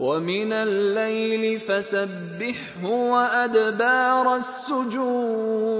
ومن الليل فسبحه وأدبار السجود